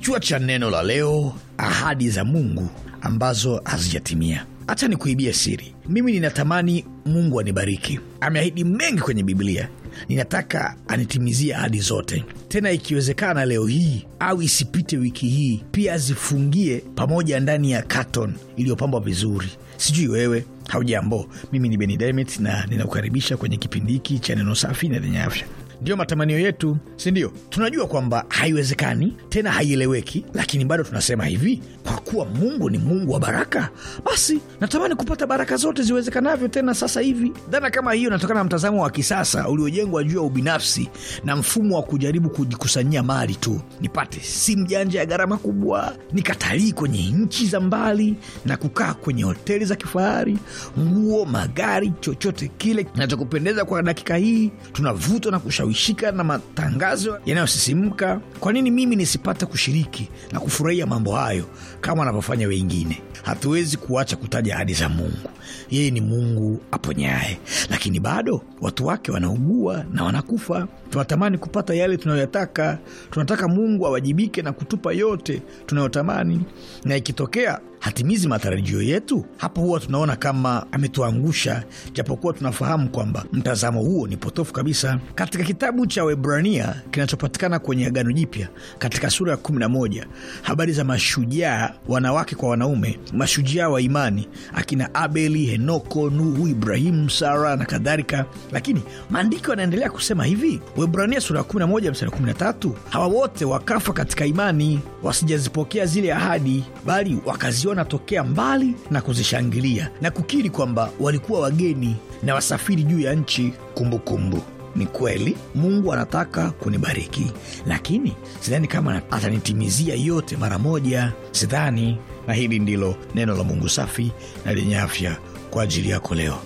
Kichwa cha neno la leo: ahadi za Mungu ambazo hazijatimia. ni nikuibie siri, mimi ninatamani Mungu anibariki. Ameahidi mengi kwenye Biblia, ninataka anitimizie ahadi zote, tena ikiwezekana leo hii au isipite wiki hii. Pia azifungie pamoja ndani ya katon iliyopambwa vizuri. Sijui wewe Haujambo, mimi ni Beni Demet na ninakukaribisha kwenye kipindi hiki cha neno safi na lenye afya ndiyo matamanio yetu, si ndio? Tunajua kwamba haiwezekani tena haieleweki, lakini bado tunasema hivi, kwa kuwa Mungu ni Mungu wa baraka, basi natamani kupata baraka zote ziwezekanavyo tena sasa hivi. Dhana kama hiyo inatokana na mtazamo wa kisasa uliojengwa juu ya ubinafsi na mfumo wa kujaribu kujikusanyia mali tu, nipate simu janja ya gharama kubwa, nikatalii kwenye nchi za mbali na kukaa kwenye hoteli za kifahari, nguo, magari, chochote kile kinachokupendeza kwa dakika hii. Tunavutwa na kushawishi inayoshika na matangazo yanayosisimka. Kwa nini mimi nisipate kushiriki na kufurahia mambo hayo kama anavyofanya wengine? Hatuwezi kuacha kutaja hadi za Mungu. Yeye ni Mungu aponyaye, lakini bado watu wake wanaugua na wanakufa. Tunatamani kupata yale tunayoyataka, tunataka Mungu awajibike na kutupa yote tunayotamani, na ikitokea hatimizi matarajio yetu, hapo huwa tunaona kama ametuangusha, japokuwa tunafahamu kwamba mtazamo huo ni potofu kabisa. Katika kitabu cha webrania kinachopatikana kwenye Agano Jipya katika sura ya 11 habari za mashujaa wanawake kwa wanaume, mashujaa wa imani, akina Abeli, Henoko, Nuhu, Ibrahimu, Sara na kadhalika. Lakini maandiko yanaendelea kusema hivi, Webrania sura ya 11 mstari 13, hawa wote wakafa katika imani, wasijazipokea zile ahadi, bali wakazi wakiona mbali na kuzishangilia na kukiri kwamba walikuwa wageni na wasafiri juu ya nchi kumbukumbu kumbu. Ni kweli Mungu anataka kunibariki, lakini sidhani kama atanitimizia yote mara moja, sidhani. Na hili ndilo neno la Mungu safi na lenye afya kwa ajili yako leo.